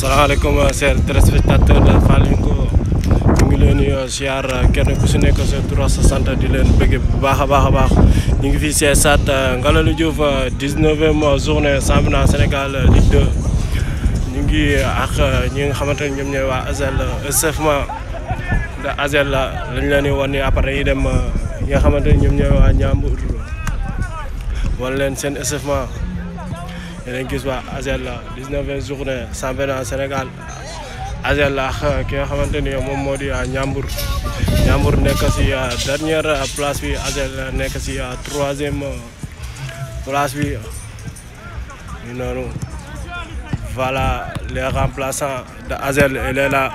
salaamaaleykum euh, chers téléspectateurs de Falnco ñu ngi leen di euh, ziar euh, kenn ku si nekk sa tur sant di leen bëgg bu baax baax a baax ñu ngi fii see sat Ngalandou Diouf 19e journée championnat Sénégal Ligue 2 ngi ak ñi nga xamante ne ñoom ñooy waa ASEL échauffement de ASEL la lañ leen di ni après yi dem ñi nga xamante ne ñoom ñooy waa Ndiambour wan leen seen échauffement e yéen a gis waa la 19e journée en Sénégal Azella qui ki nga xamante ni moom moo di ah, n'est nekk ah, dernière place bi n'est nekk si ah, troisième euh, place bi voilà les remplaçants de il est là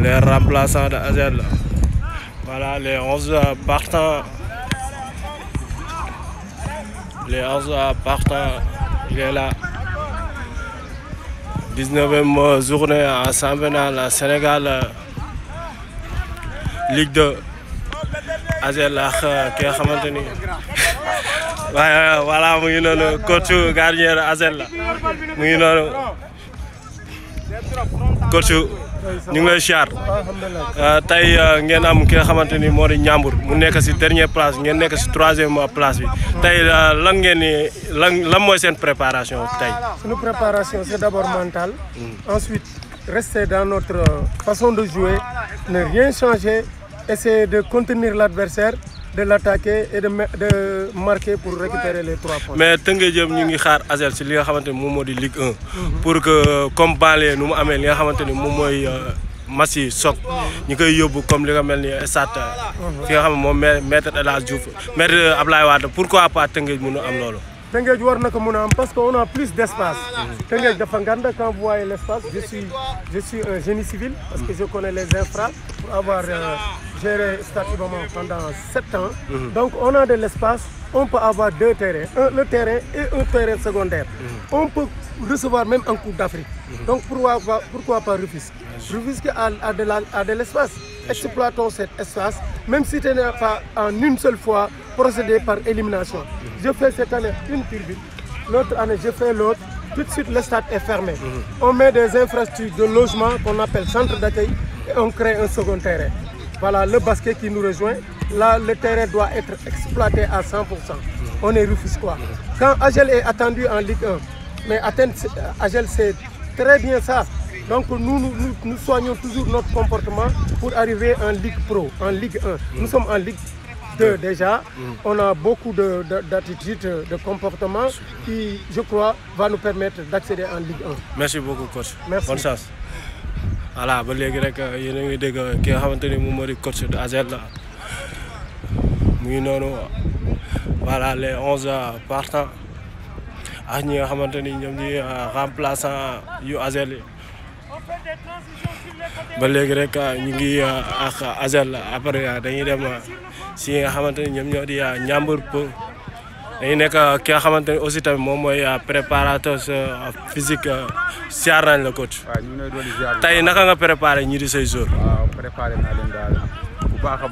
les remplaçants de voilà les 11 partants les 11 partants il est là. 19e euh, journée à en au Sénégal euh, Ligue 2. Azel qui qui voilà mu ngi le coach gardien Azel la coach ñu ngi lay siyaar euh, tey euh, ngeen am ki nga xamante ni moo di Ndiambour mu nekk si dernière place ngeen nekk si troisième place bi tey euh, lan ngeen ni lan lan mooy préparation préparation c'est d'abord mental. Hmm. ensuite rester dans notre façon de jouer ne rien changer essayer de contenir l'adversaire de l'attaquer et de de marquer pour récupérer les trois mais Tëngéej yëpp ñu ngi xaar AJEL si li nga xamante ni moom moo di Ligue 1. pour que comme Bale nu mu amee li nga xamante ni moom mooy euh, match yi soog ñu koy yóbbu comme li nga mel ni stade fi nga xam ne moom la El Hadj Diouf maître Ablaye Wade pourquoi pas Tëngéej mënu am loolu. parce qu'on a plus d'espace ah, quand vous voyez l'espace je suis un génie civil parce que je connais les infra pour avoir euh, géré stativement pendant sept ans mhm. donc on a de l'espace on peut avoir deux terrains un le terrain et un terrain secondaire mhm. on peut recevoir même en Coupe d'Afrique mhm. donc pourquoi pas pourquoi pas Rufisque Rufisque de l'espace exploitons cet espace même si tu n'as pas en une seule fois procéder par élimination. Je fais cette année une turbine, l'autre année je fais l'autre. Tout de suite, le stade est fermé. Mhm. On met des infrastructures de logement qu'on appelle centre d'accueil et on crée un second terrain. Voilà le basket qui nous rejoint. Là, le terrain doit être exploité à 100%. Mhm. On est quoi mhm. Quand Agel est attendu en Ligue 1, mais euh, Agel, c'est très bien ça. Donc nous, nous, nous, soignons toujours notre comportement pour arriver en Ligue Pro, en Ligue 1. Nous sommes en Ligue déjà. On a beaucoup d'attitudes, de, de comportements qui, je crois, va nous permettre d'accéder en Ligue 1. Merci beaucoup, coach. Bonne chance. voilà ba léegi rek euh, yéen a ngi ont euh, ki nga xamante ni moom coach de AZ la mu ngi voilà les onze euh, partants ak ñi nga xamante ni de ñi remplaçant yu AZ yi ba léegi rek ñu ngi ak AZ la après dañuy dem. si nga xamante ni ñoom ñoo di ah, Ndiambour Peul dañu nekk ah, ki nga xamante ni aussi tamit moom mooy ah, préparateur physique si nañ la coach. waaw ñu ngi lay doon ziar naka nga préparé ñi di say jour. waaw naa leen daal bu baax a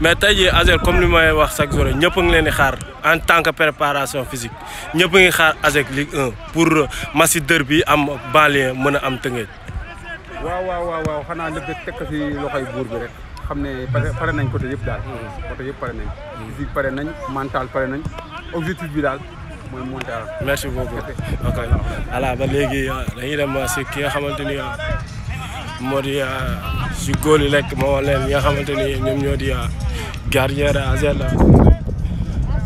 mais tey jii Azer comme li may wax chaque jour ñëpp a ngi leen di xaar en tant que préparation physique ñëpp ngi xaar Azer Ligue 1 pour match derby am banlieue mën a am Tëngéej. waaw waaw waaw waaw xanaa lépp rek teg ko si loxoy buur bi rek xam ne pare nañ côté yëpp daal côté yëpp pare nañ physique pare nañ mental pare nañ objectif bi daal mooy monter merci beaucoup ok voilà ba léegi euh, dañuy dem euh, si ki nga xamante ni euh, moo di si góol yi rek moo leen nga xamante ni ñoom ñoo di gardien AGEL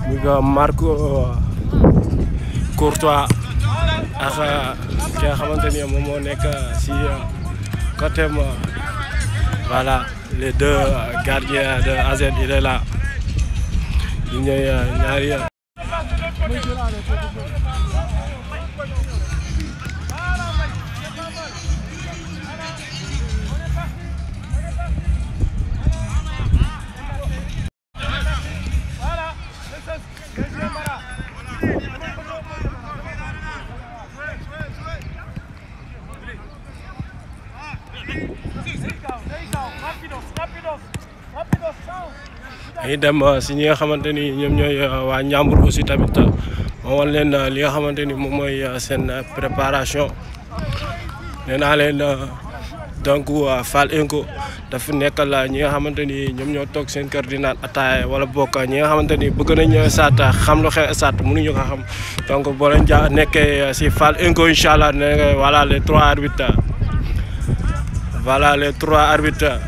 ñu nga Marco Courtois ak ki nga xamante ni moom moo nekk si côté moi. Voilà, les deux euh, gardiens de AZ, il est là. Il n'y a, rien. dañuy dem ah, si ñi nga xamante ni ñoom ñooy ah, waa aussi tamit ah, ma wan leen li nga xamante ni moom mooy seen préparation nee naa leen donc Fall Inco dafa nekkal ñi nga xamante ni ñoom ñoo toog seen kër di naan ataaya wala bokk ñi nga xamante ni bëgg nañ saat xam lu xew saat mënuñu ko xam donc boo leen ja nekkee si fal Inco incha allah ne nga voilà les trois arbitres voilà les trois arbitres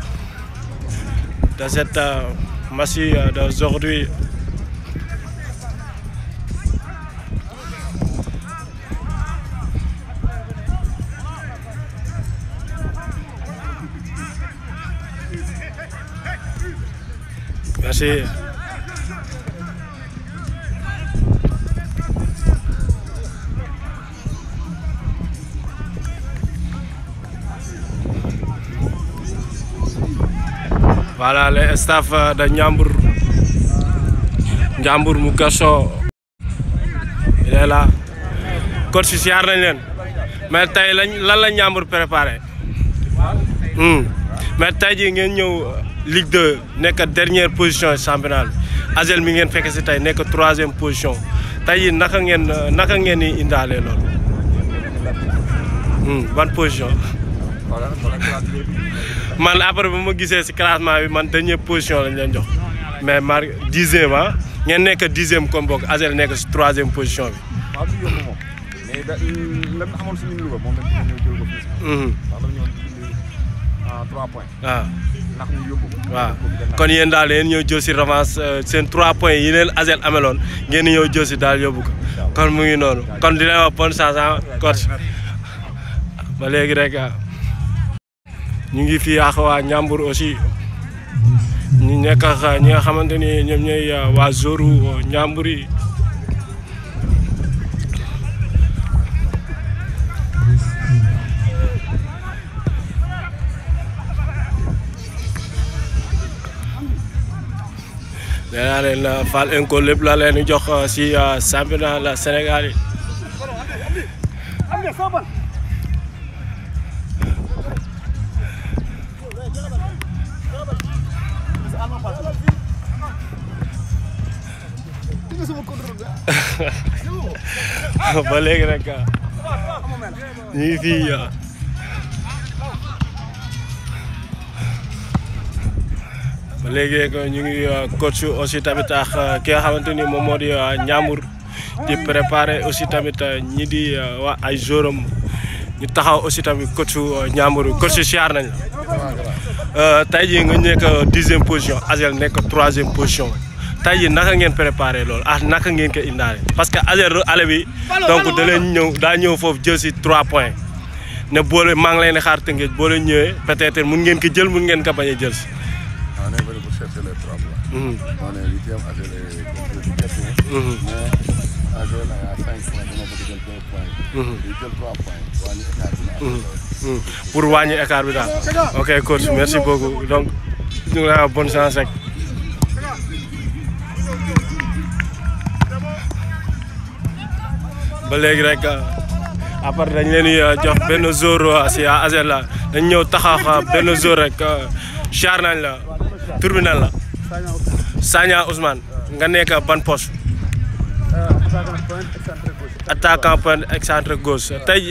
de cette Merci euh, d'aujourd'hui. Merci. Voilà le staff euh, de Ndiambour. Ndiambour mu Il est là. coach si yaar nañ leen mais tey lañ lan la Ndiambour préparé. Hmm. mais tey jii ngeen ñëw euh, Ligue 2 nekk dernière position championnat bi mi ngeen fekk si tey nekk troisième position tey jii naka ngeen euh, naka ngeen di indaale loolu. Hmm, ban position. man après bu ma gisee si classement bi man dernière position lañ leen jox mais mar dixième ah ngeen nekk dixième comme boog Asel nekk si troisième position bi. waaw ah. ah. waaw kon yéen daal yéen ñëw jël si revanche euh, seen trois points yi leen Asel ameloon ngeen ñëw jël si daal yóbbu ko kon mu ngi noonu kon di leen wax bonne chance ah, coach rek ñu ngi nyambur ak waa Njàmbur aussi ñu nekk ak ñi nga xamante ni ñoom ñooy euh, waa zoru euh, Njàmbur yi neenaa leen euh, Fall Inco la leen jox championnat la Sénégal yi Ah. Ah. ba léegi nag ñu ngi fii ba léegi ñu ngi coach aussi tamit ak ah, ki nga xamante ni moom moo di Ndiambour di préparer aussi tamit ñi di waa ay joram ñu taxaw aussi tamit coach Ndiambour coach siyaar nañ la euh, tey jii nga nekk dixième position Asel nekk troisième position tey jii naka ngeen préparé loolu ah naka ngeen ko indaale parce que Azer ale bi donc da leen ñëw daa ñëw foofu jël si trois points ne boo leen maa ngi leen di xaar tënkee boo leen ñëwee peut être mun ngeen ko jël mun ngeen ko bañ a jël si. on est venu pour chercher les trois points. Mhm. on est huitième Azer est mhm. mhm. pour wàññi écart bi daal. ok coach merci beaucoup donc ñu ngi lay bonne chance ba léegi rek euh, après dañ leen di euh, jox benn jour euh, si ASEL la dañ ñëw taxaw benn jour rek char nañ la tur bi la Sagna Ousmane nga nekk ban poste attaquant point excentré gauche tey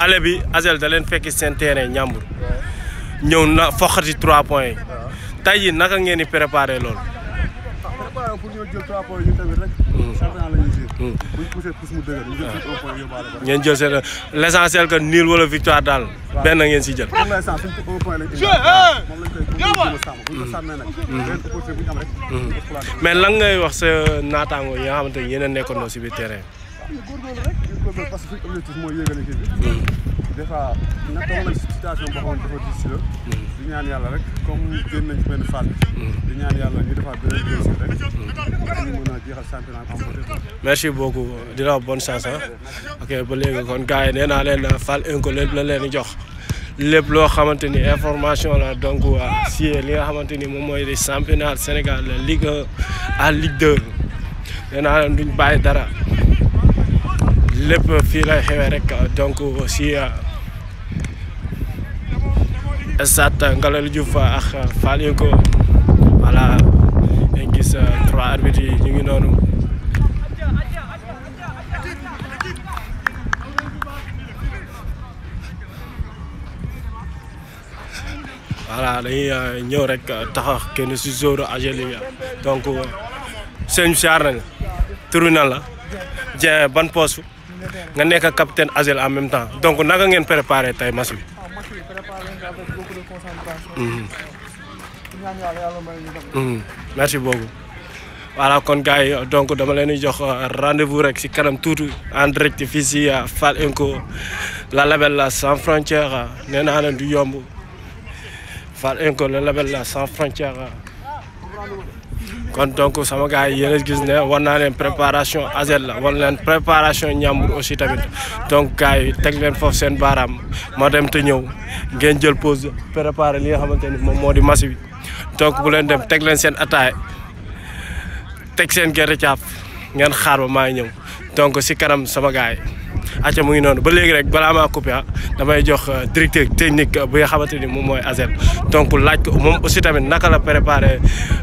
ale bi ASEL da leen fekki seen terrain ñàmbur ñëw na foqati trois points yi tey ji naka ngeen di préparé loolu ñoom pour ñu jël trois points ñu hmm. la ñuy hmm. wala victoire daal. benn ngeen si jël. pour l' instant hmm. mais lan ngay wax sa naataango yi nga xamante ne yéen a nekkoon si que des fois na toog nañ si situation boo xam ne dafa difficile di ñaan yàlla rek comme génn nañ ci benn phase bi. di ñaan yàlla ñu defaat benn réussite rek. ñu mën a jeexal championnat am merci beaucoup di la bonne chance ok ba léegi kon gars yi nee naa leen Fall Inco lépp la leen jox. lépp loo xamante ni information la donc euh, si li nga xamante ni moom mooy di championnat Sénégal la Ligue 1 à Ligue 2 nee naa leen duñ bàyyi dara lépp fii lay xewee rek donc si. esat, Ngalandou Diouf ak ah, Falyanko voilà dañ gis euh, trois arbitres yi ñu ngi noonu voilà dañuy euh, ñëw rek euh, taxaw kenn si zone Angélique donc sëñ siyaar nañ turu la Dieng ban poste nga nekk capitaine Agel en même temps donc naka ngeen Mm. Mm. merci beaucoup voilà kon gars yi donc dama leen di jox euh, rendez-vous rek si kanam tuuti en direct fii si euh, Fat Inco la label la sans frontière euh, nee naa du yomb Fat Inco la label la sans frontière kon donc sama gars yéen gis ne war naa leen préparation azel la war leen préparation ñàmbur aussi tamit donc gars yi teg leen foofu seen baaraam ma dem te ñëw ngeen jël pause préparer li nga xamante ni moom moo di match bi donc bu leen dem teg leen seen ataay teg seen gerte caaf ngeen xaar ba maa ñëw donc si kanam sama yi acca mu ngi noonu ba léegi rek balaa maa coupé ah, damay jox euh, directeur technique bi nga xamante ni moom mooy Azel donc laaj ko moom aussi tamit naka la préparé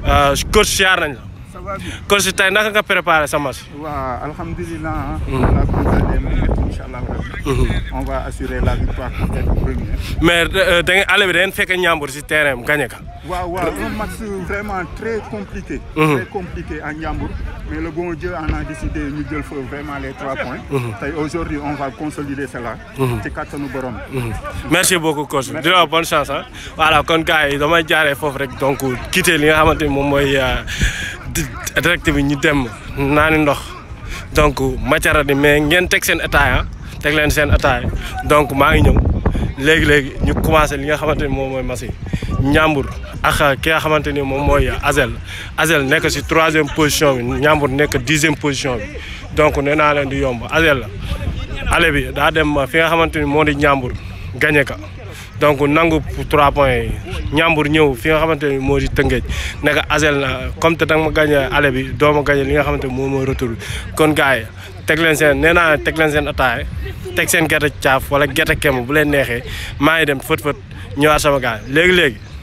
euh, coach siyaar nañ la. kon si tey naka nga préparé sa match. alhamdulilah. Ah. Hmm. Hmm. on va assurer mais euh, da ngeen àll bi da si terrain am gagné ka. waaw Mais le bon Dieu en a décidé, nous devons vraiment les trois points. Mmh. Aujourd'hui, on va consolider cela. C'est quatre nous Merci beaucoup, coach. Merci. Déjà, bonne chance. Hein? Voilà, quand gars, il doit dire les pauvres, donc quitter les gens, direct bi ñu dem naani ndox donc Madiarra di mais ngeen teg seen ataaya teg leen seen ataaya donc maa ngi ñëw léegi léegi ñu commencé li nga xamante ni moom mooy Massi Ndiambour ak ki nga xamante ni moom mooy Azel Azel nekk si troisième position bi Ndiambour nekk dixième posision bi donc nee naa leen di yomb Azel ale bi daa dem fi nga xamante ni moo di Ndiambour gagné ka donc nangu trois points yi Ndiambour ñëw fi nga xamante ni moo di Tëngéej nekk Azel na comme te danga ma gagné ale bi doo ma gagné li nga xamante ni moom mooy retour kon gars teg seen nee naa teg leen seen ataaya teg seen gerte caaf wala gerte kem bu leen neexee maa ngi dem fët fët ñëwaat sama gaal léegi-léegi